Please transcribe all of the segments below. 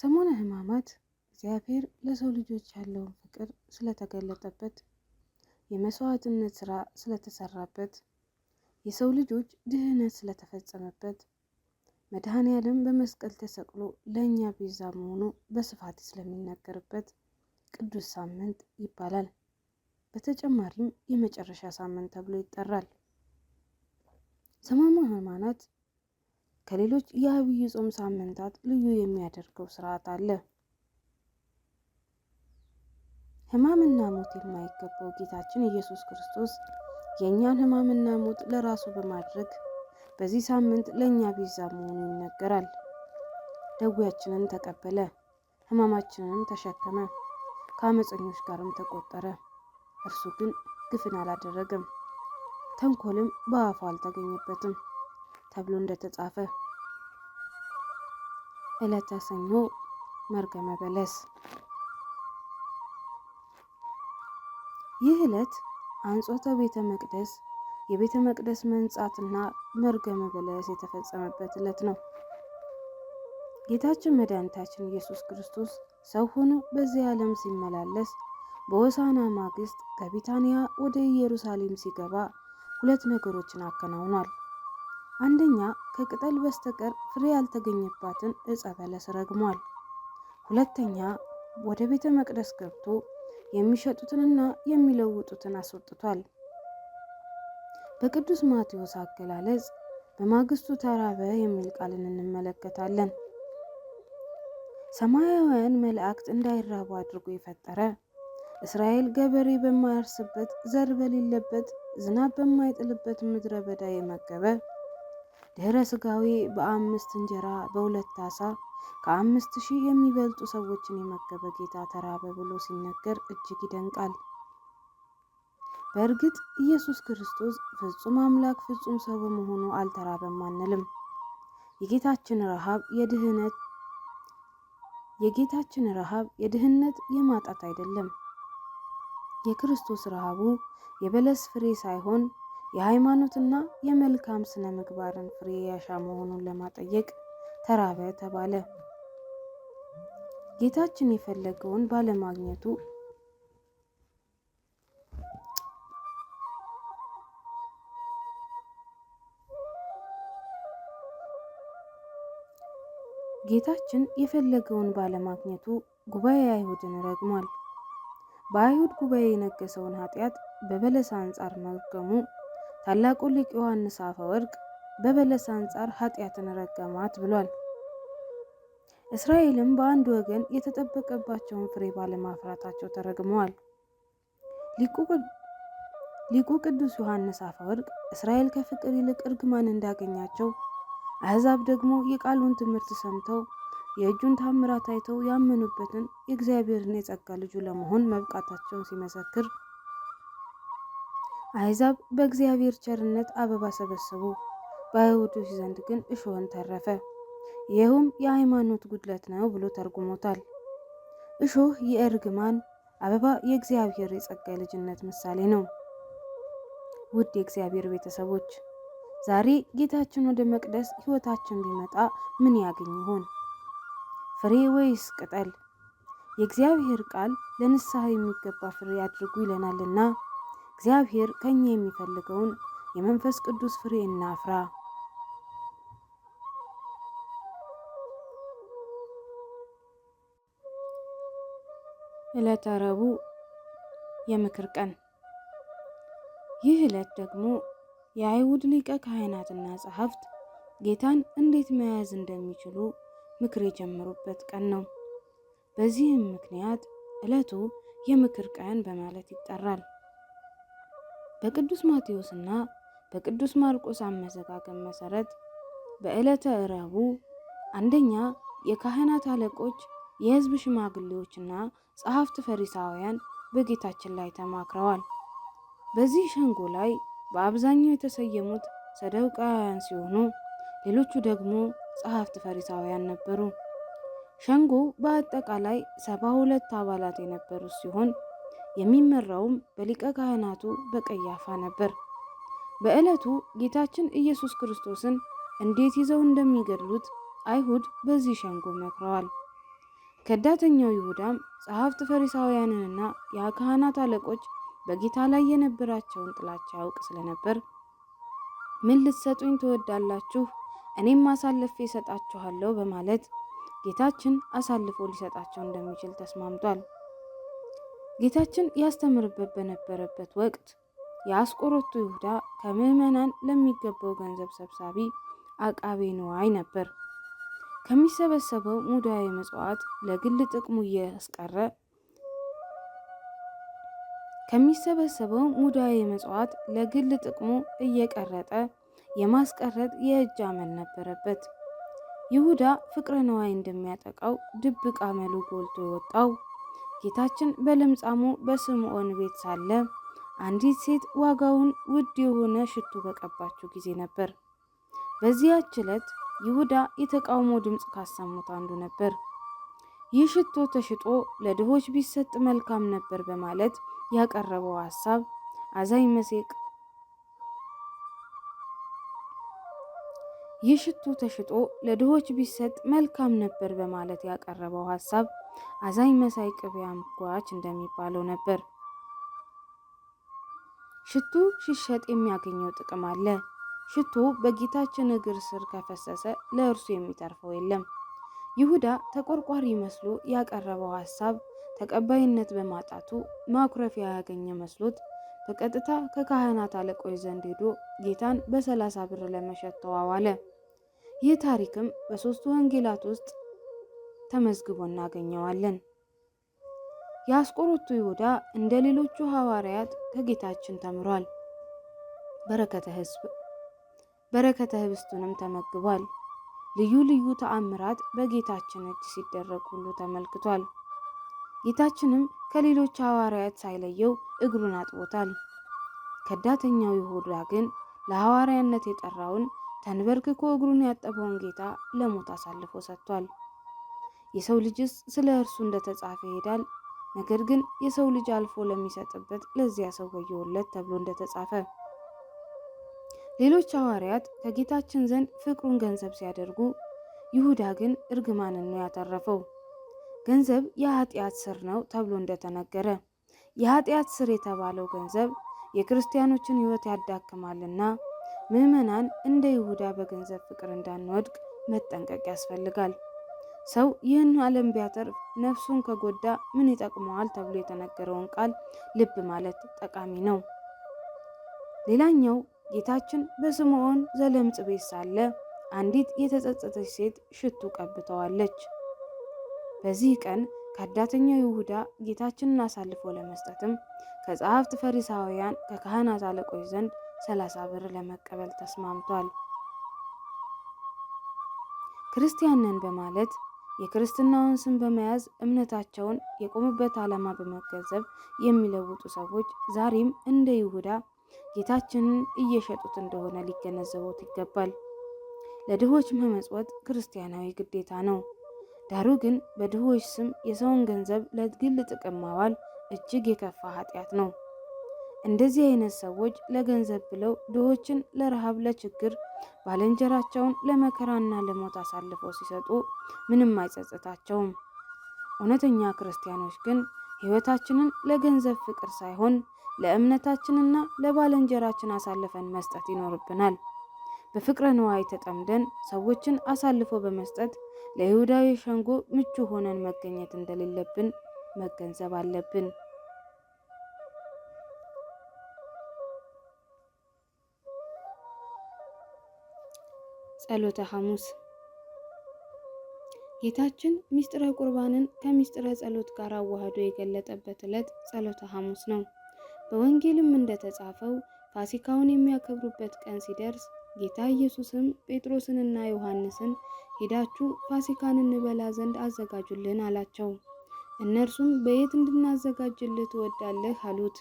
ሰሞነ ሕማማት እግዚአብሔር ለሰው ልጆች ያለውን ፍቅር ስለተገለጠበት፣ የመስዋዕትነት ሥራ ስለተሰራበት፣ የሰው ልጆች ድህነት ስለተፈጸመበት፣ መድኃኔ ዓለም በመስቀል ተሰቅሎ ለእኛ ቤዛ መሆኑ በስፋት ስለሚነገርበት ቅዱስ ሳምንት ይባላል። በተጨማሪም የመጨረሻ ሳምንት ተብሎ ይጠራል። ሰሙነ ሕማማት ከሌሎች የአብይ ጾም ሳምንታት ልዩ የሚያደርገው ስርዓት አለ። ሕማምና ሞት የማይገባው ጌታችን ኢየሱስ ክርስቶስ የእኛን ሕማምና ሞት ለራሱ በማድረግ በዚህ ሳምንት ለእኛ ቤዛ መሆኑ ይነገራል። ደዌያችንን ተቀበለ፣ ሕማማችንንም ተሸከመ፣ ከአመፀኞች ጋርም ተቆጠረ። እርሱ ግን ግፍን አላደረገም፣ ተንኮልም በአፉ አልተገኘበትም። ተብሎ እንደተጻፈ። ዕለተ ሰኞ መርገመ በለስ። ይህ ዕለት አንጾተ ቤተ መቅደስ የቤተ መቅደስ መንጻትና መርገመ በለስ የተፈጸመበት ዕለት ነው። ጌታችን መድኃኒታችን ኢየሱስ ክርስቶስ ሰው ሆኖ በዚህ ዓለም ሲመላለስ በወሳና ማግስት ከቢታንያ ወደ ኢየሩሳሌም ሲገባ ሁለት ነገሮችን አከናውኗል። አንደኛ ከቅጠል በስተቀር ፍሬ ያልተገኘባትን ዕጸ በለስ ረግሟል። ሁለተኛ ወደ ቤተ መቅደስ ገብቶ የሚሸጡትንና የሚለውጡትን አስወጥቷል። በቅዱስ ማቴዎስ አገላለጽ በማግስቱ ተራበ የሚል ቃልን እንመለከታለን። ሰማያውያን መላእክት እንዳይራቡ አድርጎ የፈጠረ እስራኤል ገበሬ በማያርስበት፣ ዘር በሌለበት፣ ዝናብ በማይጥልበት ምድረ በዳ የመገበ ድህረ ስጋዊ በአምስት እንጀራ በሁለት አሳ ከአምስት ሺህ የሚበልጡ ሰዎችን የመገበ ጌታ ተራበ ብሎ ሲነገር እጅግ ይደንቃል። በእርግጥ ኢየሱስ ክርስቶስ ፍጹም አምላክ ፍጹም ሰው በመሆኑ አልተራበም አንልም። የጌታችን ረሃብ የድህነት የጌታችን ረሃብ የድህነት የማጣት አይደለም። የክርስቶስ ረሃቡ የበለስ ፍሬ ሳይሆን የሃይማኖትና የመልካም ስነ ምግባርን ፍሬ ያሻ መሆኑን ለማጠየቅ ተራበ ተባለ። ጌታችን የፈለገውን ባለማግኘቱ ጌታችን የፈለገውን ባለማግኘቱ ጉባኤ አይሁድን ረግሟል። በአይሁድ ጉባኤ የነገሰውን ኃጢአት በበለስ አንጻር መርገሙ ታላቁ ሊቅ ዮሐንስ አፈወርቅ በበለስ አንጻር ኃጢአትን ረገማት ብሏል። እስራኤልም በአንድ ወገን የተጠበቀባቸውን ፍሬ ባለማፍራታቸው ተረግመዋል። ሊቁ ቅዱስ ዮሐንስ አፈወርቅ እስራኤል ከፍቅር ይልቅ እርግማን እንዳገኛቸው፣ አሕዛብ ደግሞ የቃሉን ትምህርት ሰምተው የእጁን ታምራት አይተው ያመኑበትን የእግዚአብሔርን የጸጋ ልጁ ለመሆን መብቃታቸውን ሲመሰክር አይዛብ በእግዚአብሔር ቸርነት አበባ ሰበሰቡ፣ በአይሁዶች ዘንድ ግን እሾህን ተረፈ። ይኸውም የሃይማኖት ጉድለት ነው ብሎ ተርጉሞታል። እሾህ የእርግማን አበባ የእግዚአብሔር የጸጋ ልጅነት ምሳሌ ነው። ውድ የእግዚአብሔር ቤተሰቦች ዛሬ ጌታችን ወደ መቅደስ ሕይወታችን ቢመጣ ምን ያገኝ ይሆን? ፍሬ ወይስ ቅጠል? የእግዚአብሔር ቃል ለንስሐ የሚገባ ፍሬ አድርጉ ይለናልና እግዚአብሔር ከኛ የሚፈልገውን የመንፈስ ቅዱስ ፍሬ እናፍራ። ዕለተ ረቡዕ የምክር ቀን። ይህ ዕለት ደግሞ የአይሁድ ሊቀ ካህናትና ጸሐፍት ጌታን እንዴት መያዝ እንደሚችሉ ምክር የጀመሩበት ቀን ነው። በዚህም ምክንያት ዕለቱ የምክር ቀን በማለት ይጠራል። በቅዱስ ማቴዎስና በቅዱስ ማርቆስ አመዘጋገብ መሰረት በዕለተ ረቡዕ አንደኛ የካህናት አለቆች የሕዝብ ሽማግሌዎችና ጸሐፍት ፈሪሳውያን በጌታችን ላይ ተማክረዋል። በዚህ ሸንጎ ላይ በአብዛኛው የተሰየሙት ሰደውቃውያን ሲሆኑ ሌሎቹ ደግሞ ጸሐፍት ፈሪሳውያን ነበሩ። ሸንጎ በአጠቃላይ ሰባ ሁለት አባላት የነበሩት ሲሆን የሚመራውም በሊቀ ካህናቱ በቀያፋ ነበር። በዕለቱ ጌታችን ኢየሱስ ክርስቶስን እንዴት ይዘው እንደሚገድሉት አይሁድ በዚህ ሸንጎ መክረዋል። ከዳተኛው ይሁዳም ጸሐፍት ፈሪሳውያንንና የካህናት አለቆች በጌታ ላይ የነበራቸውን ጥላቻ ያውቅ ስለነበር ምን ልትሰጡኝ ትወዳላችሁ? እኔም አሳልፌ እሰጣችኋለሁ በማለት ጌታችን አሳልፎ ሊሰጣቸው እንደሚችል ተስማምቷል። ጌታችን ያስተምርበት በነበረበት ወቅት የአስቆሮቱ ይሁዳ ከምዕመናን ለሚገባው ገንዘብ ሰብሳቢ አቃቤ ንዋይ ነበር። ከሚሰበሰበው ሙዳየ ምጽዋት ለግል ጥቅሙ እያስቀረ ከሚሰበሰበው ሙዳየ ምጽዋት ለግል ጥቅሙ እየቀረጠ የማስቀረጥ የእጅ አመል ነበረበት። ይሁዳ ፍቅረ ንዋይ እንደሚያጠቃው ድብቅ አመሉ ጎልቶ የወጣው ጌታችን በለምጻሙ በስምዖን ቤት ሳለ አንዲት ሴት ዋጋውን ውድ የሆነ ሽቱ በቀባችው ጊዜ ነበር። በዚያች ዕለት ይሁዳ የተቃውሞ ድምፅ ካሰሙት አንዱ ነበር። ይህ ሽቶ ተሽጦ ለድሆች ቢሰጥ መልካም ነበር በማለት ያቀረበው ሐሳብ አዛኝ መሴቅ ይህ ሽቱ ተሽጦ ለድሆች ቢሰጥ መልካም ነበር በማለት ያቀረበው ሀሳብ አዛኝ መሳይ ቅቤ አምጓች እንደሚባለው ነበር። ሽቱ ሲሸጥ የሚያገኘው ጥቅም አለ። ሽቶ በጌታችን እግር ስር ከፈሰሰ ለእርሱ የሚተርፈው የለም። ይሁዳ ተቆርቋሪ መስሎ ያቀረበው ሀሳብ ተቀባይነት በማጣቱ ማኩረፊያ ያገኘ መስሎት በቀጥታ ከካህናት አለቆች ዘንድ ሄዶ ጌታን በሰላሳ ብር ለመሸጥ ተዋዋለ። ይህ ታሪክም በሶስቱ ወንጌላት ውስጥ ተመዝግቦ እናገኘዋለን። የአስቆሮቱ ይሁዳ እንደ ሌሎቹ ሐዋርያት ከጌታችን ተምሯል። በረከተ ህብስቱንም ተመግቧል። ልዩ ልዩ ተአምራት በጌታችን እጅ ሲደረግ ሁሉ ተመልክቷል። ጌታችንም ከሌሎች ሐዋርያት ሳይለየው እግሩን አጥቦታል። ከዳተኛው ይሁዳ ግን ለሐዋርያነት የጠራውን ተንበርክኮ እግሩን ያጠበውን ጌታ ለሞት አሳልፎ ሰጥቷል። የሰው ልጅስ ስለ እርሱ እንደተጻፈ ይሄዳል፣ ነገር ግን የሰው ልጅ አልፎ ለሚሰጥበት ለዚያ ሰው ወየውለት ተብሎ እንደተጻፈ ሌሎች ሐዋርያት ከጌታችን ዘንድ ፍቅሩን ገንዘብ ሲያደርጉ፣ ይሁዳ ግን እርግማንን ነው ያተረፈው። ገንዘብ የኃጢአት ስር ነው ተብሎ እንደተነገረ የኃጢአት ስር የተባለው ገንዘብ የክርስቲያኖችን ሕይወት ያዳክማልና ምዕመናን እንደ ይሁዳ በገንዘብ ፍቅር እንዳንወድቅ መጠንቀቅ ያስፈልጋል። ሰው ይህን ዓለም ቢያተርፍ ነፍሱን ከጎዳ ምን ይጠቅመዋል ተብሎ የተነገረውን ቃል ልብ ማለት ጠቃሚ ነው። ሌላኛው ጌታችን በስምዖን ዘለምጽ ቤት ሳለ አንዲት የተጸጸተች ሴት ሽቱ ቀብተዋለች። በዚህ ቀን ከአዳተኛው ይሁዳ ጌታችንን አሳልፎ ለመስጠትም ከጸሐፍት ፈሪሳውያን፣ ከካህናት አለቆች ዘንድ ሰላሳ ብር ለመቀበል ተስማምቷል። ክርስቲያንን በማለት የክርስትናውን ስም በመያዝ እምነታቸውን የቆሙበት ዓላማ በመገንዘብ የሚለውጡ ሰዎች ዛሬም እንደ ይሁዳ ጌታችንን እየሸጡት እንደሆነ ሊገነዘቡት ይገባል። ለድሆች መመጽወት ክርስቲያናዊ ግዴታ ነው። ዳሩ ግን በድሆች ስም የሰውን ገንዘብ ለግል ጥቅም ማዋል እጅግ የከፋ ኃጢአት ነው። እንደዚህ አይነት ሰዎች ለገንዘብ ብለው ድሆችን ለረሃብ፣ ለችግር፣ ባልንጀራቸውን ለመከራና ለሞት አሳልፈው ሲሰጡ ምንም አይጸጽታቸውም። እውነተኛ ክርስቲያኖች ግን ሕይወታችንን ለገንዘብ ፍቅር ሳይሆን ለእምነታችንና ለባልንጀራችን አሳልፈን መስጠት ይኖርብናል። በፍቅረ ንዋይ ተጠምደን ሰዎችን አሳልፎ በመስጠት ለይሁዳዊ ሸንጎ ምቹ ሆነን መገኘት እንደሌለብን መገንዘብ አለብን። ጸሎተ ሐሙስ ጌታችን ሚስጥረ ቁርባንን ከሚስጥረ ጸሎት ጋር አዋህዶ የገለጠበት ዕለት ጸሎተ ሐሙስ ነው። በወንጌልም እንደተጻፈው ፋሲካውን የሚያከብሩበት ቀን ሲደርስ ጌታ ኢየሱስም ጴጥሮስንና ዮሐንስን ሄዳችሁ ፋሲካን እንበላ ዘንድ አዘጋጁልን አላቸው። እነርሱም በየት እንድናዘጋጅልህ ትወዳለህ አሉት።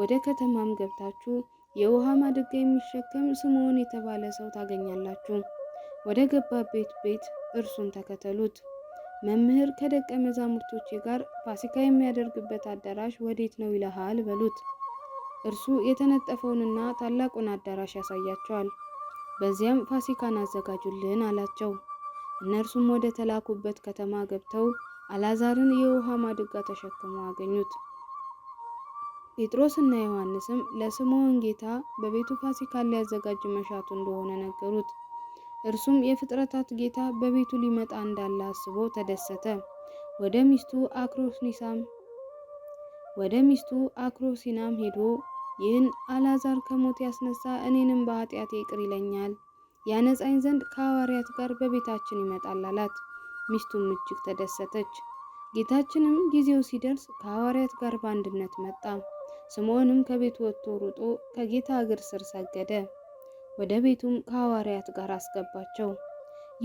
ወደ ከተማም ገብታችሁ የውሃ ማድጋ የሚሸከም ስምዖን የተባለ ሰው ታገኛላችሁ። ወደ ገባበት ቤት እርሱን ተከተሉት። መምህር ከደቀ መዛሙርቶቼ ጋር ፋሲካ የሚያደርግበት አዳራሽ ወዴት ነው ይልሃል በሉት። እርሱ የተነጠፈውንና ታላቁን አዳራሽ ያሳያቸዋል። በዚያም ፋሲካን አዘጋጁልን አላቸው። እነርሱም ወደ ተላኩበት ከተማ ገብተው አላዛርን የውሃ ማድጋ ተሸክመው አገኙት። ጴጥሮስና ዮሐንስም ለስምዖን ጌታ በቤቱ ፋሲካን ሊያዘጋጅ መሻቱ እንደሆነ ነገሩት። እርሱም የፍጥረታት ጌታ በቤቱ ሊመጣ እንዳለ አስቦ ተደሰተ። ወደ ሚስቱ አክሮሲናም ወደ ሚስቱ አክሮሲናም ሄዶ ይህን አላዛር ከሞት ያስነሳ እኔንም በኃጢአቴ ይቅር ይለኛል ያነጻኝ ዘንድ ከሐዋርያት ጋር በቤታችን ይመጣል አላት። ሚስቱም እጅግ ተደሰተች። ጌታችንም ጊዜው ሲደርስ ከሐዋርያት ጋር በአንድነት መጣ። ስምዖንም ከቤቱ ወጥቶ ሩጦ ከጌታ እግር ስር ሰገደ። ወደ ቤቱም ከሐዋርያት ጋር አስገባቸው።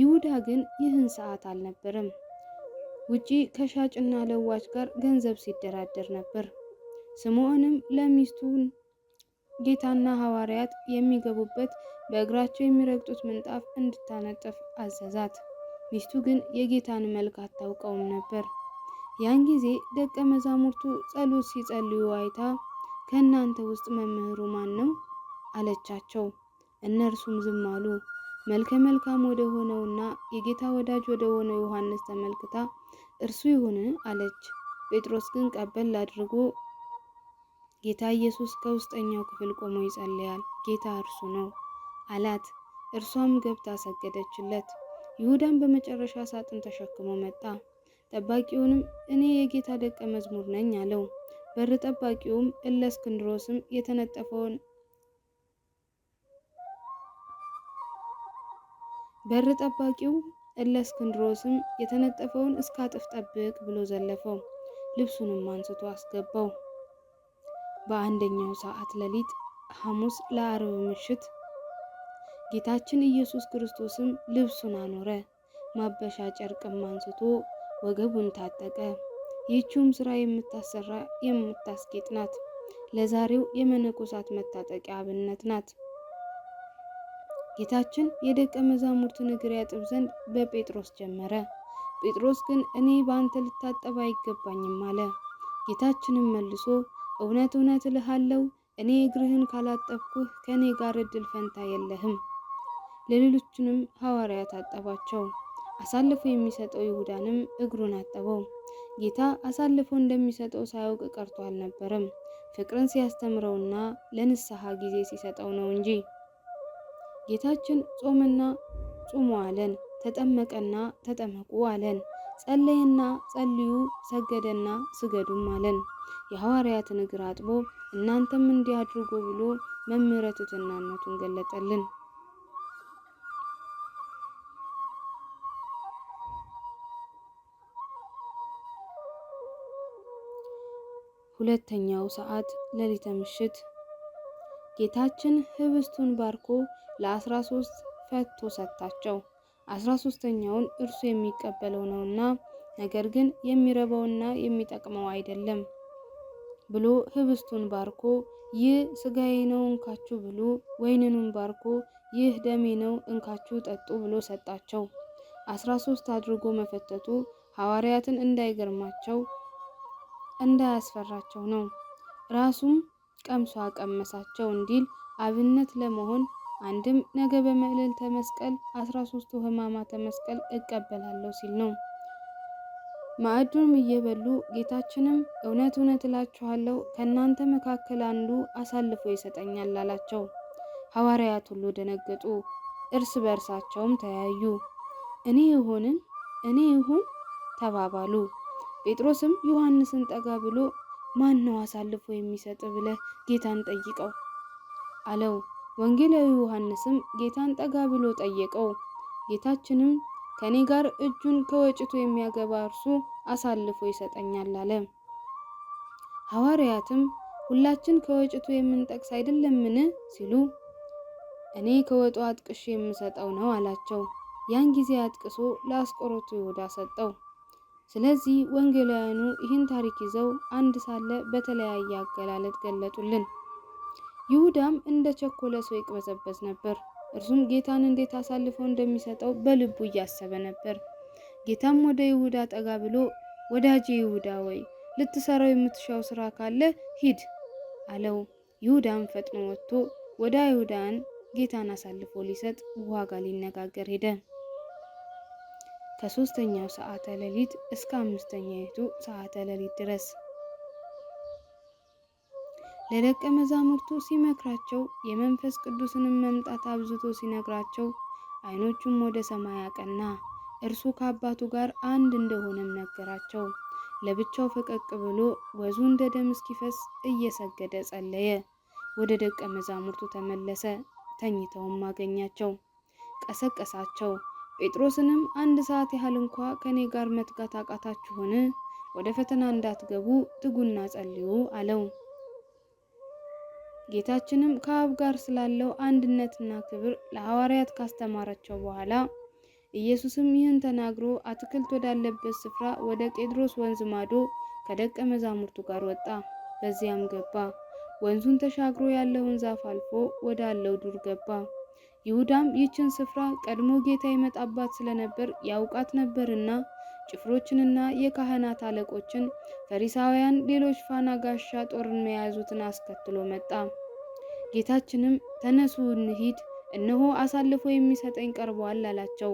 ይሁዳ ግን ይህን ሰዓት አልነበረም። ውጪ ከሻጭና ለዋጭ ጋር ገንዘብ ሲደራደር ነበር። ስምዖንም ለሚስቱን ጌታና ሐዋርያት የሚገቡበት በእግራቸው የሚረግጡት ምንጣፍ እንድታነጥፍ አዘዛት። ሚስቱ ግን የጌታን መልክ አታውቀውም ነበር። ያን ጊዜ ደቀ መዛሙርቱ ጸሎት ሲጸልዩ አይታ ከእናንተ ውስጥ መምህሩ ማን ነው? አለቻቸው። እነርሱም ዝም አሉ። መልከ መልካም ወደ ሆነውና የጌታ ወዳጅ ወደ ሆነው ዮሐንስ ተመልክታ እርሱ ይሁን አለች። ጴጥሮስ ግን ቀበል አድርጎ ጌታ ኢየሱስ ከውስጠኛው ክፍል ቆሞ ይጸልያል፣ ጌታ እርሱ ነው አላት። እርሷም ገብታ ሰገደችለት። ይሁዳም በመጨረሻ ሳጥን ተሸክሞ መጣ። ጠባቂውንም እኔ የጌታ ደቀ መዝሙር ነኝ አለው። በር ጠባቂውም እለእስክንድሮስም የተነጠፈውን በር ጠባቂው እለእስክንድሮስም የተነጠፈውን እስካጥፍ ጠብቅ ብሎ ዘለፈው። ልብሱንም አንስቶ አስገባው። በአንደኛው ሰዓት ሌሊት ሐሙስ ለአርብ ምሽት ጌታችን ኢየሱስ ክርስቶስም ልብሱን አኖረ፣ ማበሻ ጨርቅም አንስቶ ወገቡን ታጠቀ። ይህችውም ሥራ የምታሰራ የምታስጌጥ ናት። ለዛሬው የመነኮሳት መታጠቂያ አብነት ናት። ጌታችን የደቀ መዛሙርትን እግር ያጥብ ዘንድ በጴጥሮስ ጀመረ። ጴጥሮስ ግን እኔ በአንተ ልታጠብ አይገባኝም አለ። ጌታችንም መልሶ እውነት እውነት እልሃለሁ እኔ እግርህን ካላጠብኩህ ከእኔ ጋር እድል ፈንታ የለህም። ለሌሎቹንም ሐዋርያት አጠባቸው። አሳልፎ የሚሰጠው ይሁዳንም እግሩን አጠበው። ጌታ አሳልፎ እንደሚሰጠው ሳያውቅ ቀርቶ አልነበረም። ፍቅርን ሲያስተምረውና ለንስሐ ጊዜ ሲሰጠው ነው እንጂ። ጌታችን ጾምና ጹሙ አለን፣ ተጠመቀና ተጠመቁ አለን፣ ጸለየና ጸልዩ፣ ሰገደና ስገዱም አለን። የሐዋርያትን እግር አጥቦ እናንተም እንዲያድርጉ ብሎ መምህረ ትሕትናነቱን ገለጠልን። ሁለተኛው ሰዓት ሌሊተ ምሽት ጌታችን ህብስቱን ባርኮ ለአስራ ሶስት ፈቶ ሰጣቸው። አስራ ሶስተኛውን እርሱ የሚቀበለው ነውና፣ ነገር ግን የሚረባውና የሚጠቅመው አይደለም። ብሎ ህብስቱን ባርኮ ይህ ስጋዬ ነው እንካችሁ ብሉ፣ ወይንኑን ባርኮ ይህ ደሜ ነው እንካችሁ ጠጡ ብሎ ሰጣቸው። አስራ ሶስት አድርጎ መፈተቱ ሐዋርያትን እንዳይገርማቸው እንዳያስፈራቸው ነው። ራሱም ቀምሶ አቀመሳቸው እንዲል አብነት ለመሆን አንድም ነገ በመዕልልተ መስቀል አስራ ሶስቱ ህማማተ መስቀል እቀበላለሁ ሲል ነው። ማዕዱንም እየበሉ ጌታችንም እውነት እውነት እላችኋለሁ ከእናንተ መካከል አንዱ አሳልፎ ይሰጠኛል አላቸው። ሐዋርያት ሁሉ ደነገጡ፣ እርስ በእርሳቸውም ተያዩ። እኔ ይሁንን እኔ ይሁን ተባባሉ። ጴጥሮስም ዮሐንስን ጠጋ ብሎ ማን ነው አሳልፎ የሚሰጥ ብለህ ጌታን ጠይቀው አለው። ወንጌላዊ ዮሐንስም ጌታን ጠጋ ብሎ ጠየቀው። ጌታችንም ከኔ ጋር እጁን ከወጭቱ የሚያገባ እርሱ አሳልፎ ይሰጠኛል አለ። ሐዋርያትም ሁላችን ከወጭቱ የምንጠቅስ አይደለምን ሲሉ እኔ ከወጡ አጥቅሼ የምሰጠው ነው አላቸው። ያን ጊዜ አጥቅሶ ለአስቆሮቱ ይሁዳ ሰጠው። ስለዚህ ወንጌላውያኑ ይህን ታሪክ ይዘው አንድ ሳለ በተለያየ አገላለጥ ገለጡልን። ይሁዳም እንደ ቸኮለ ሰው ይቅበዘበዝ ነበር። እርሱም ጌታን እንዴት አሳልፎ እንደሚሰጠው በልቡ እያሰበ ነበር። ጌታም ወደ ይሁዳ ጠጋ ብሎ ወዳጄ ይሁዳ ወይ ልትሰራው የምትሻው ስራ ካለ ሂድ አለው። ይሁዳም ፈጥኖ ወጥቶ ወደ አይሁዳን ጌታን አሳልፎ ሊሰጥ ዋጋ ሊነጋገር ሄደ። ከሶስተኛው ሰዓተ ሌሊት እስከ አምስተኛይቱ ሰዓተ ሌሊት ድረስ ለደቀ መዛሙርቱ ሲመክራቸው የመንፈስ ቅዱስንም መምጣት አብዝቶ ሲነግራቸው ዓይኖቹም ወደ ሰማይ አቀና። እርሱ ከአባቱ ጋር አንድ እንደሆነም ነገራቸው። ለብቻው ፈቀቅ ብሎ ወዙ እንደ ደም እስኪፈስ እየሰገደ ጸለየ። ወደ ደቀ መዛሙርቱ ተመለሰ። ተኝተውም አገኛቸው። ቀሰቀሳቸው። ጴጥሮስንም አንድ ሰዓት ያህል እንኳ ከእኔ ጋር መትጋት አቃታችሁን? ወደ ፈተና እንዳትገቡ ትጉና ጸልዩ አለው። ጌታችንም ከአብ ጋር ስላለው አንድነትና ክብር ለሐዋርያት ካስተማራቸው በኋላ ኢየሱስም ይህን ተናግሮ አትክልት ወዳለበት ስፍራ ወደ ቄድሮስ ወንዝ ማዶ ከደቀ መዛሙርቱ ጋር ወጣ። በዚያም ገባ። ወንዙን ተሻግሮ ያለውን ዛፍ አልፎ ወዳለው ዱር ገባ። ይሁዳም ይህችን ስፍራ ቀድሞ ጌታ ይመጣባት ስለነበር ያውቃት ነበርና ጭፍሮችንና የካህናት አለቆችን፣ ፈሪሳውያን፣ ሌሎች ፋና ጋሻ ጦርን መያዙትን አስከትሎ መጣ። ጌታችንም ተነሱ እንሂድ፣ እነሆ አሳልፎ የሚሰጠኝ ቀርቧል አላቸው።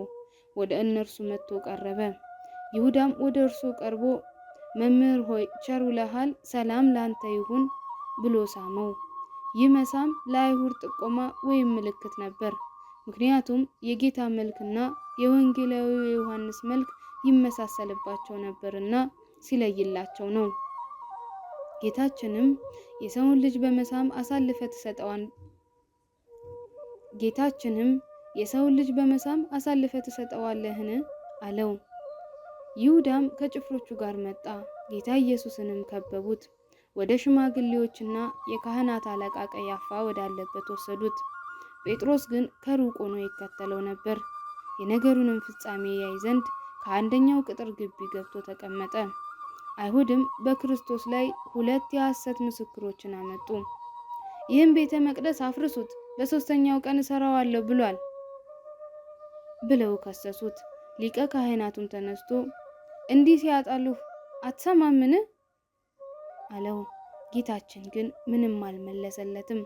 ወደ እነርሱ መጥቶ ቀረበ። ይሁዳም ወደ እርሱ ቀርቦ መምህር ሆይ ቸር ውለሃል፣ ሰላም ላንተ ይሁን ብሎ ሳመው። ይህ መሳም ለአይሁድ ጥቆማ ወይም ምልክት ነበር። ምክንያቱም የጌታ መልክና የወንጌላዊ የዮሐንስ መልክ ይመሳሰልባቸው ነበርና ሲለይላቸው ነው። ጌታችንም የሰውን ልጅ በመሳም አሳልፈ ትሰጠዋን ጌታችንም የሰውን ልጅ በመሳም አሳልፈ ትሰጠዋለህን አለው። ይሁዳም ከጭፍሮቹ ጋር መጣ። ጌታ ኢየሱስንም ከበቡት። ወደ ሽማግሌዎችና የካህናት አለቃ ቀያፋ ወዳለበት ወሰዱት። ጴጥሮስ ግን ከሩቅ ሆኖ ይከተለው ነበር። የነገሩንም ፍጻሜ ያይ ዘንድ ከአንደኛው ቅጥር ግቢ ገብቶ ተቀመጠ። አይሁድም በክርስቶስ ላይ ሁለት የሐሰት ምስክሮችን አመጡ። ይህም ቤተ መቅደስ አፍርሱት፣ በሦስተኛው ቀን እሰራዋለሁ ብሏል ብለው ከሰሱት። ሊቀ ካህናቱም ተነስቶ እንዲህ ሲያጣሉህ አትሰማምን? አለው። ጌታችን ግን ምንም አልመለሰለትም።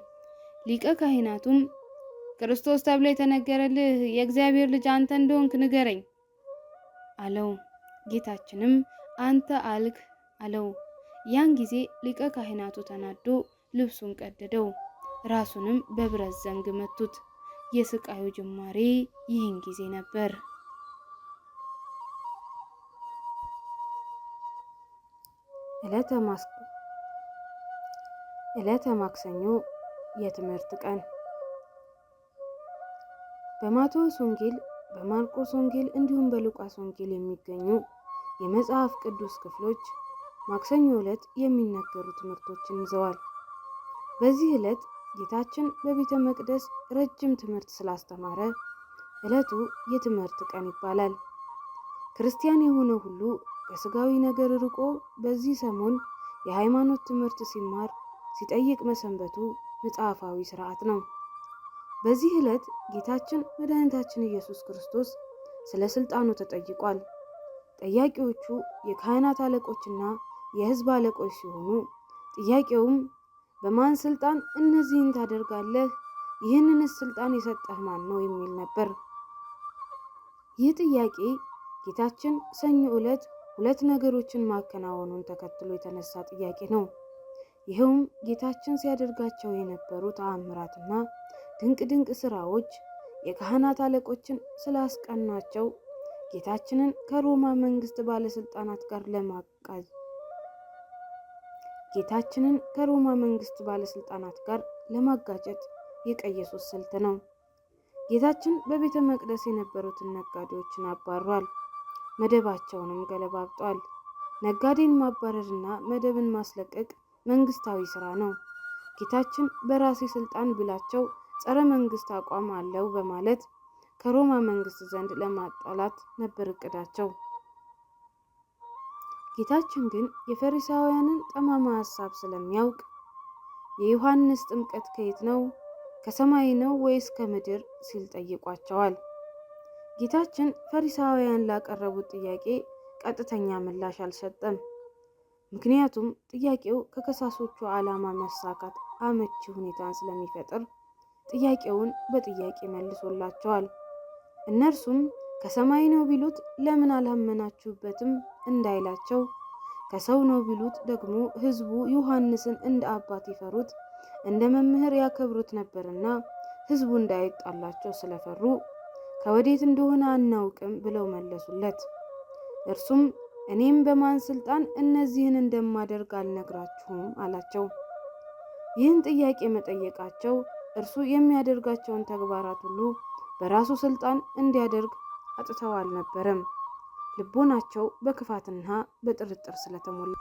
ሊቀ ካህናቱም ክርስቶስ ተብሎ የተነገረልህ የእግዚአብሔር ልጅ አንተ እንደሆንክ ንገረኝ አለው። ጌታችንም አንተ አልክ አለው። ያን ጊዜ ሊቀ ካህናቱ ተናዶ ልብሱን ቀደደው፣ ራሱንም በብረት ዘንግ መቱት። የስቃዩ ጅማሬ ይህን ጊዜ ነበር። ዕለተ ማክሰኞ የትምህርት ቀን በማቴዎስ ወንጌል በማርቆስ ወንጌል እንዲሁም በሉቃስ ወንጌል የሚገኙ የመጽሐፍ ቅዱስ ክፍሎች ማክሰኞ ዕለት የሚነገሩ ትምህርቶችን ይዘዋል። በዚህ ዕለት ጌታችን በቤተ መቅደስ ረጅም ትምህርት ስላስተማረ ዕለቱ የትምህርት ቀን ይባላል። ክርስቲያን የሆነ ሁሉ ከሥጋዊ ነገር ርቆ በዚህ ሰሞን የሃይማኖት ትምህርት ሲማር፣ ሲጠይቅ መሰንበቱ መጽሐፋዊ ሥርዓት ነው። በዚህ ዕለት ጌታችን መድኃኒታችን ኢየሱስ ክርስቶስ ስለ ሥልጣኑ ተጠይቋል። ጠያቂዎቹ የካህናት አለቆችና የሕዝብ አለቆች ሲሆኑ ጥያቄውም በማን ሥልጣን እነዚህን ታደርጋለህ? ይህንንስ ሥልጣን የሰጠህ ማን ነው? የሚል ነበር። ይህ ጥያቄ ጌታችን ሰኞ ዕለት ሁለት ነገሮችን ማከናወኑን ተከትሎ የተነሳ ጥያቄ ነው። ይኸውም ጌታችን ሲያደርጋቸው የነበሩ ተአምራትና ድንቅ ድንቅ ስራዎች የካህናት አለቆችን ስላስቀናቸው ጌታችንን ከሮማ መንግስት ባለስልጣናት ጋር ለማቃዝ ጌታችንን ከሮማ መንግስት ባለስልጣናት ጋር ለማጋጨት የቀየሱት ስልት ነው። ጌታችን በቤተ መቅደስ የነበሩትን ነጋዴዎችን አባሯል። መደባቸውንም ገለባብጧል። ነጋዴን ማባረርና መደብን ማስለቀቅ መንግስታዊ ስራ ነው። ጌታችን በራሴ ስልጣን ብላቸው ጸረ መንግስት አቋም አለው በማለት ከሮማ መንግስት ዘንድ ለማጣላት ነበር እቅዳቸው። ጌታችን ግን የፈሪሳውያንን ጠማማ ሀሳብ ስለሚያውቅ የዮሐንስ ጥምቀት ከየት ነው? ከሰማይ ነው ወይስ ከምድር ሲል ጠይቋቸዋል። ጌታችን ፈሪሳውያን ላቀረቡት ጥያቄ ቀጥተኛ ምላሽ አልሰጠም። ምክንያቱም ጥያቄው ከከሳሶቹ ዓላማ መሳካት አመቺ ሁኔታን ስለሚፈጥር ጥያቄውን በጥያቄ መልሶላቸዋል። እነርሱም ከሰማይ ነው ቢሉት ለምን አላመናችሁበትም እንዳይላቸው፣ ከሰው ነው ቢሉት ደግሞ ሕዝቡ ዮሐንስን እንደ አባት ይፈሩት እንደ መምህር ያከብሩት ነበርና ሕዝቡ እንዳይጣላቸው ስለፈሩ ከወዴት እንደሆነ አናውቅም ብለው መለሱለት። እርሱም እኔም በማን ስልጣን እነዚህን እንደማደርግ አልነግራችሁም አላቸው። ይህን ጥያቄ መጠየቃቸው እርሱ የሚያደርጋቸውን ተግባራት ሁሉ በራሱ ስልጣን እንዲያደርግ አጥተው አልነበረም። ልቦናቸው በክፋትና በጥርጥር ስለተሞላ